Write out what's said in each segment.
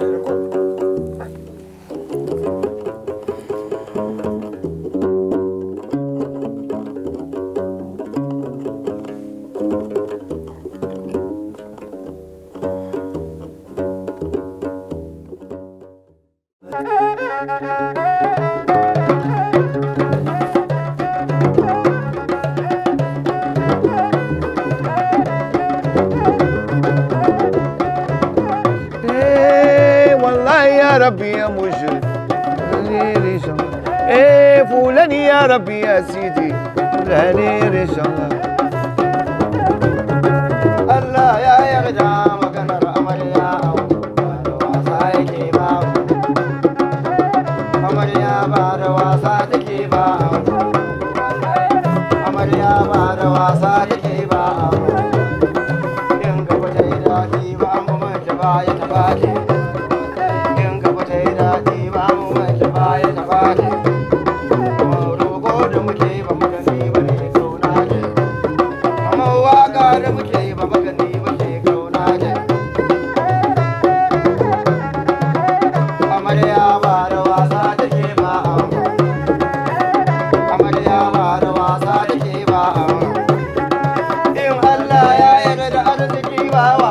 Unicorn.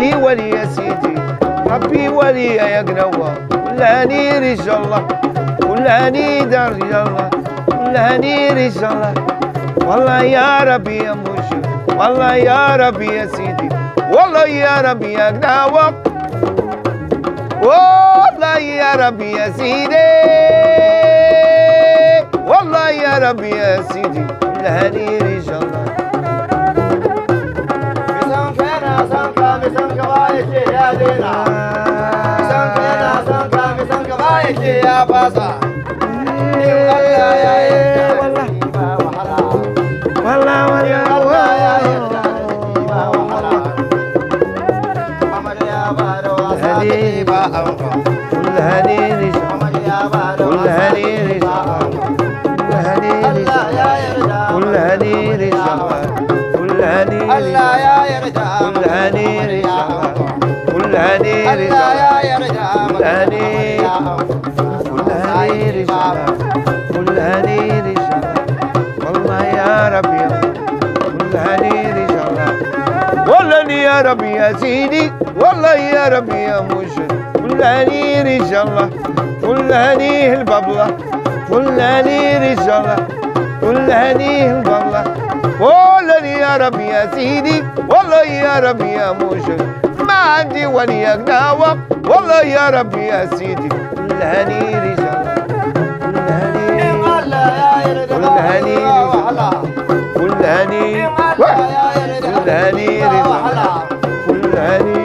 سيدي ولي يا سيدي ربي ولي يا قنوة والهني رجال الله والهني دار رجال الله والهني رجال الله والله يا ربي يا موجود والله يا ربي يا سيدي والله يا ربي يا قنوة والله يا ربي يا سيدي والله يا ربي يا سيدي والهني رجال الله sanka mi sanka ba yake ya daina sanka yana sanka mi sanka ba yake ya fasa in Allah ya yarda da ni ba wahala wallahi wallahi Allah ya yarda da ni ba wahala amarya ba da wasa ba amfa يرجع هني كل هني رجع كل هني رجع والله يا ربي كل هني رجع والله يا ربي يا سيدي والله يا ربي يا مشرف كل هني رجع كل هني الببله كل هني رجع كل هني الببله والله يا ربي يا سيدي والله يا ربي يا مشرف عندي ولياك ناوى والله يا ربي يا سيدي الهني رجال الهني والهني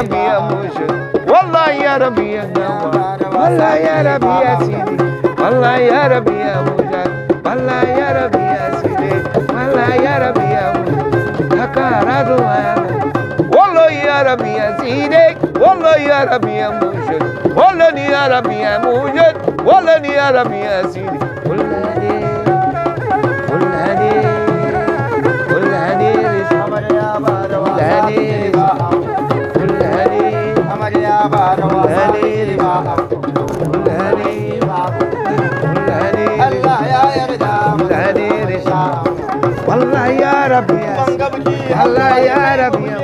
minha moja wallahi yarabiya nawa wallahi yarabiya sidi wallahi yarabiya moja wallahi yarabiya sidi wallahi yarabiya moja takarado ayala minha yarabiya sidi wallahi yarabiya moja wallahi minha moja wallahi yarabiya sidi wallahi ربي والله يا ربي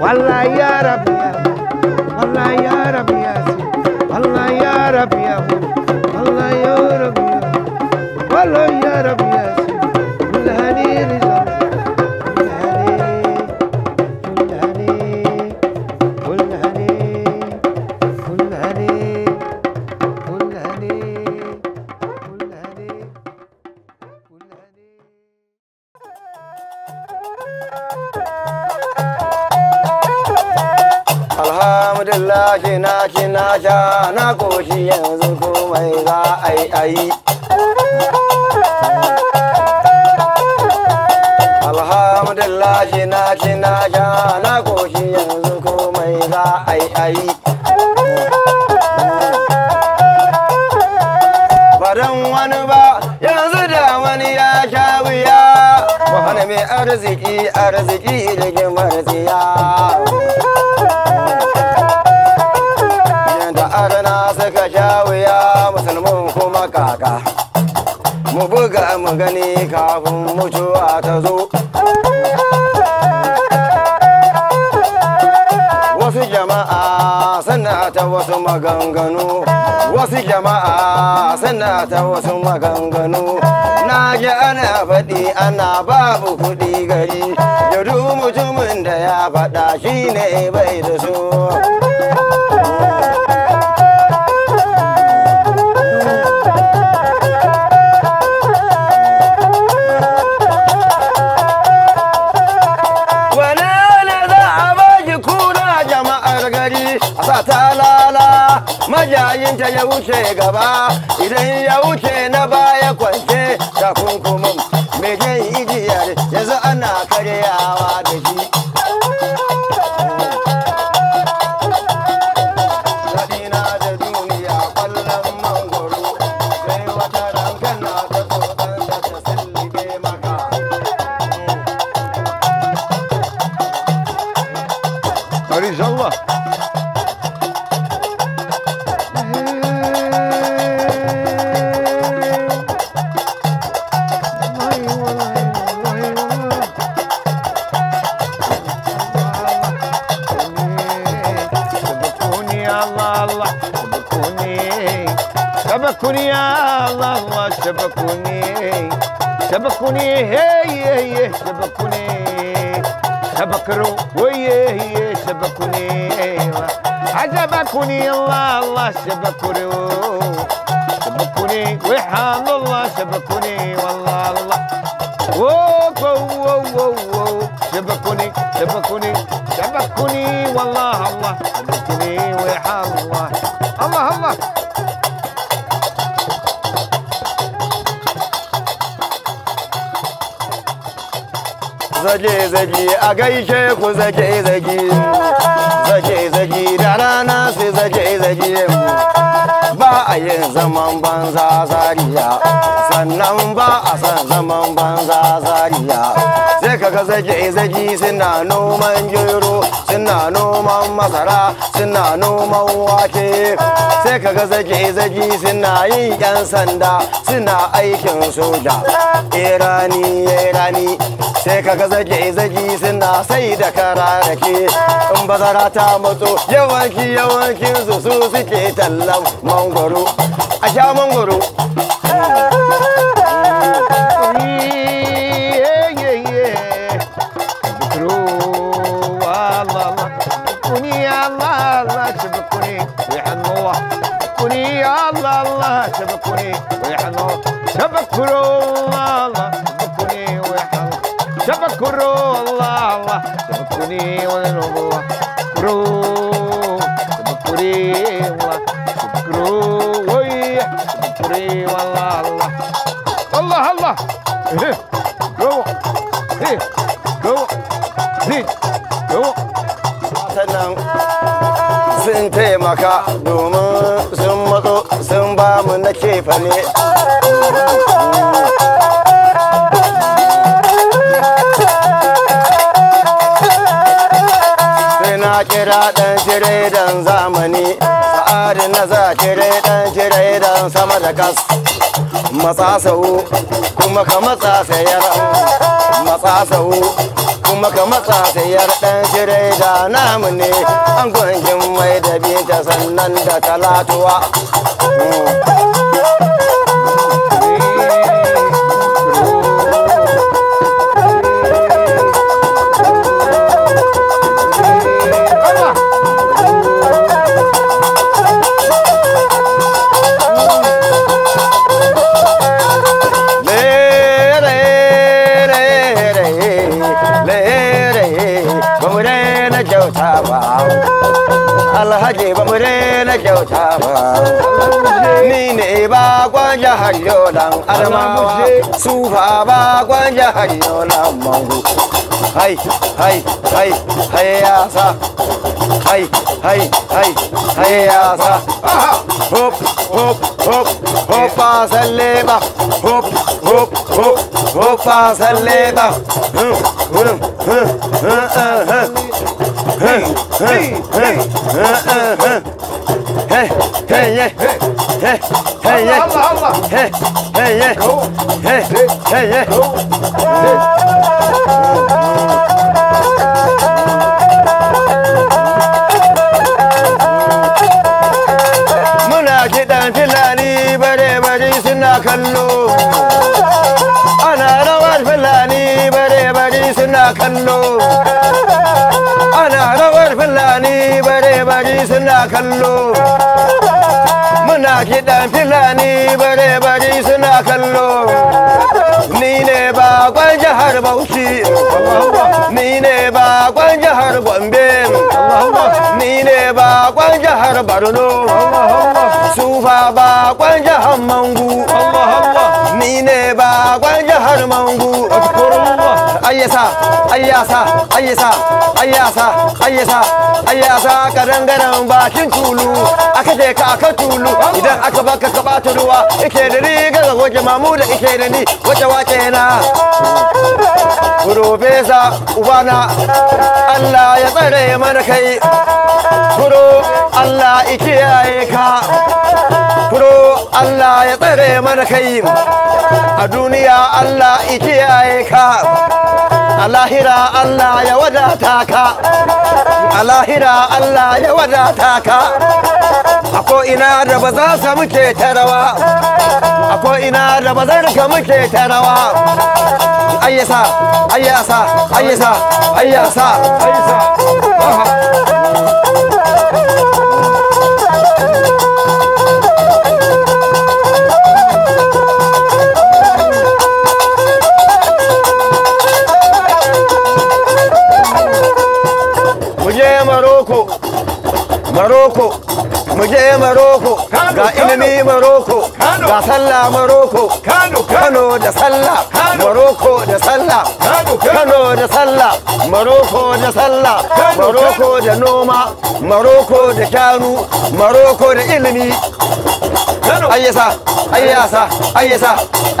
والله يا ربي والله يا ربي والله يا ربي Allah na shi na sha na koshi yanzu komai za a yi ayi. Baran wani ba yanzu da wani ya sha wuya, hana mai arziki arziki da gimar yanda arna suka sha wuya musulmin kuma kaka. Mu buga mu gani kafin mutuwa ta zo. ta wasu maganganu wasu jama'a suna ta wasu maganganu na ji ana faɗi ana babu kuɗi gari Ya duk mutumin da ya faɗa shi ne bai da su. ya wuce gaba idan ya wuce na baya kwance kun شبكوني الله الله شبكوني سبكوني وحان الله شبكوني والله الله ووو ووو ووو والله الله سبكوني وحان الله zage zage a gaishe ku zage zage zage zage da rana sai zage zage ba a yin zaman banza zariya sannan ba a san zaman banza zariya sai kaga zage zage suna noman gero suna noman masara suna noman wake sai kaga zage zage suna yin yan sanda suna aikin soja irani irani sai kaga zage zage suna sai da kararake in bazara ta matso yawanki yawankin su su suke tallan mangoro a sha mangoro ويحنوه كوني يا الله الله سبكوني ويحنوه سبكوني kurewa kro kurewa kro oye kurewa Allah Allah Allah eh go eh go eh go sannan sun taimaka domin sun matso sun ba mu na kefa ne kira dan dan zamani sa'adin na za kira dan dan sama da kas matsasau kuma ka matsa sayar matsasau kuma ka matsa sayar dan da namu ne an gwangin mai da binta sannan da talatuwa hmm. hanyo dan adamawa su fa ba gwanja hanyo nan mangu hai hai hai hai ya sa hai hai hai hai ya sa hop hop hop hop a salle ba hop hop hop hop a salle ba hum hum hum hum hum hum hum hum hum hum hey, hey, yeah, hey, hey, hey, hey, Allah, hey, hey, yeah, go, hey, hey, yeah, go. Muna kiɗan filani bare bare suna kallo. Ana rawar filani bare bare suna kallo. bare-bare suna kallo muna kiɗan filani bare-bare suna kallo ni ne kwan jihar bauchi ni ne kwan jihar gombe ni ne kwan jihar borno sufa kwan jihar mangu ni ne kwan jihar mangu ayyasa ayyasa ayyasa ayyasa ayyasa ayyasa karangaren bakin tulu aka je ka aka tulu idan aka baka ka bata ruwa ike da riga ga goge mamu da ike da ni wace wace na Profesa ubana Allah ya tsare mana kai Kuro Allah ya kiyaye ka Kuro Allah ya tsare mana kai a duniya Allah ya kiyaye ka Alahira Allah ya wadata ka Alahira Allah ya wadata ka a ko'ina da ba za sa muke tarawa rawa a ko'ina da ba zai rika muke tarawa ayyasa ayyasa ayyasa ayyasa ayyasa maroko maroko muje maroko ga ilimi maroko ga sallah maroko kano da sallah maroko da sallah kano da sallah maroko da sallah maroko da noma maroko da kanu maroko da ilimi ayyasa ayyasa ayyasa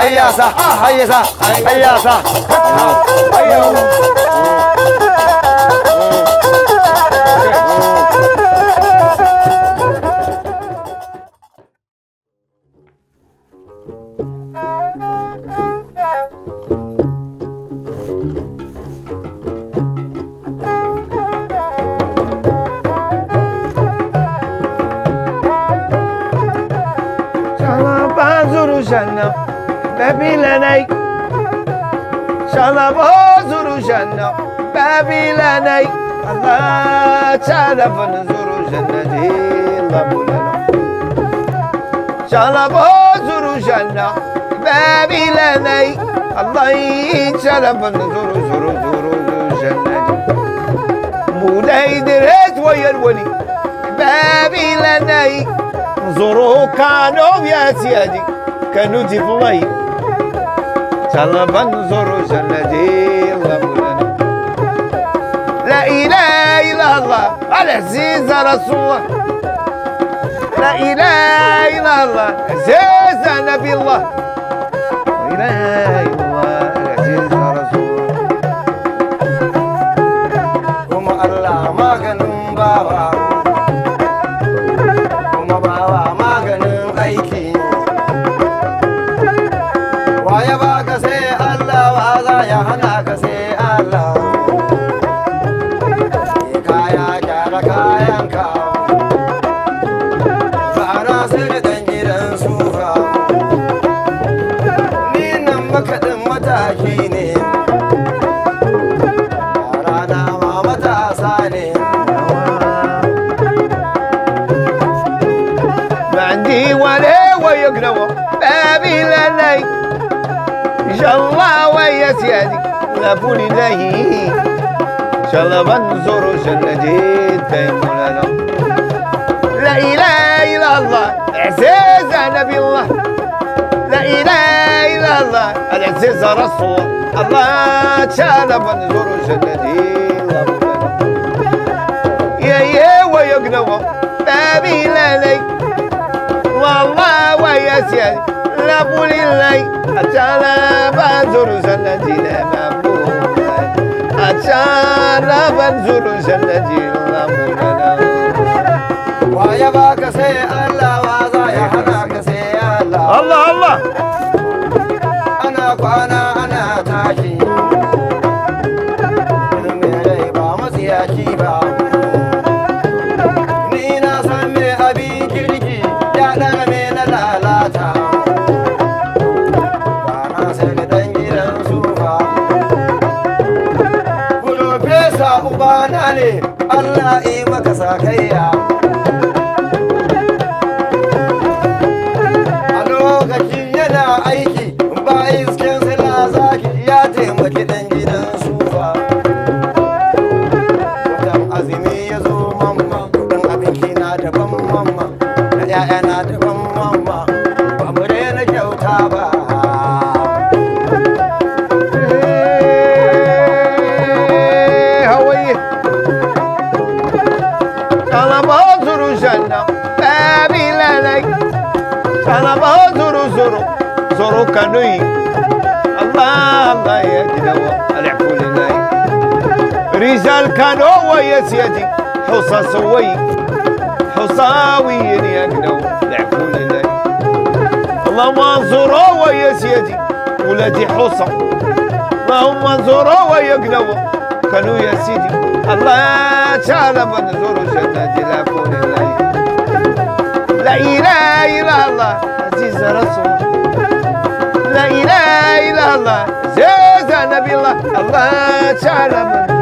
ayyasa ayyasa ayyasa ayyasa بابلاني شانا بوزرو جنة بابلاني الله شانا فنزرو جنة الله بولانا شانا بوزرو جنة بابلاني الله تعالى فنزرو زرو زرو جنة مولاي دريت ويا الولي بابلاني زورو كانوا يا سيادي كانوا دي فلاي طلبا زر جنتي الله لا اله الا الله العزيز رسول الله لا اله الا الله عزيز نبي الله لا اله الا الله بولي الله إن شاء الله بنزور جنة جدا مولانا لا إله إلا الله عزيز نبي الله لا إله إلا الله العزيز رسول الله إن شاء الله بنزور جنة جدا يا يا ويقنوا بابي لا لي والله ويا سيدي لابو لله أتعالى بنزور جنة لا شعر منزول جنة جيل يا سيادي حصى سوي حصاوي يا قنو الله اللهم انصروا يا سيادي ولادي حصى هم انصروا يا قنو كانوا يا سيدي الله تعالى منزور جنات العفون لا اله الا الله عزيز رسول لا اله الا الله زيد نبي الله الله تعالى منزور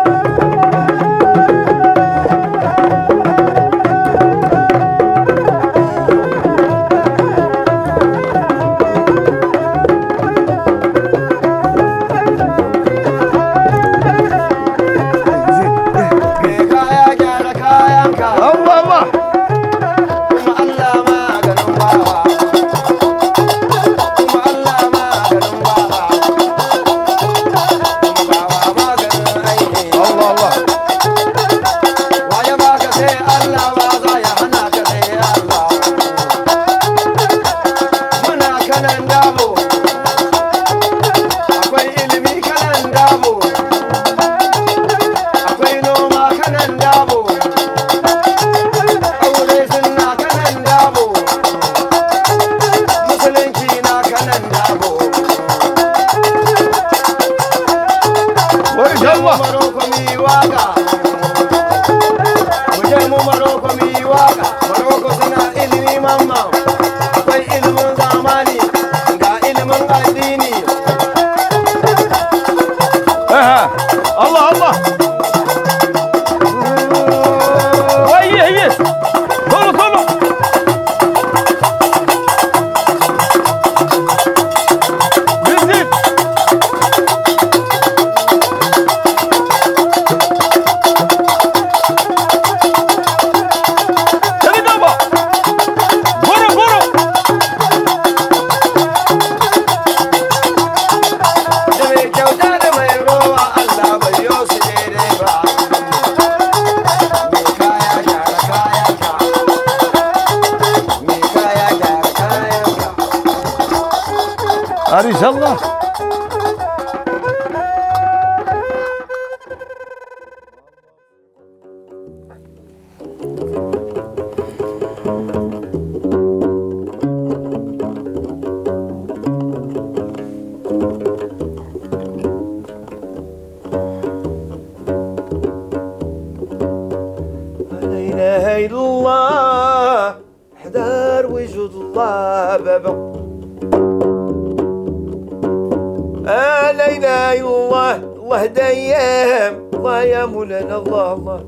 يا مولانا الله الله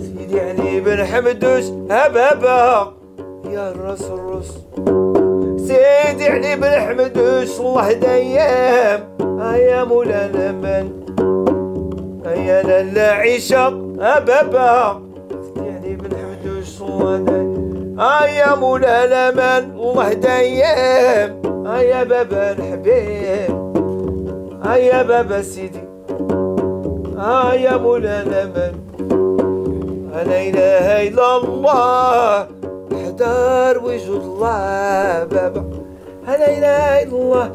سيدي علي بن حمدوش هب هب يا الرس الرس سيدي علي بن حمدوش الله ديام يا مولانا من يا لالا عيشة هب هب سيدي علي بن حمدوش الله ديام يا مولانا من الله ديام يا بابا الحبيب يا بابا سيدي آه يا مولانا من لا إله إلا الله حدار وجود الله بابا لا إله إلا الله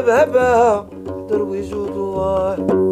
بابا حدار وجود الله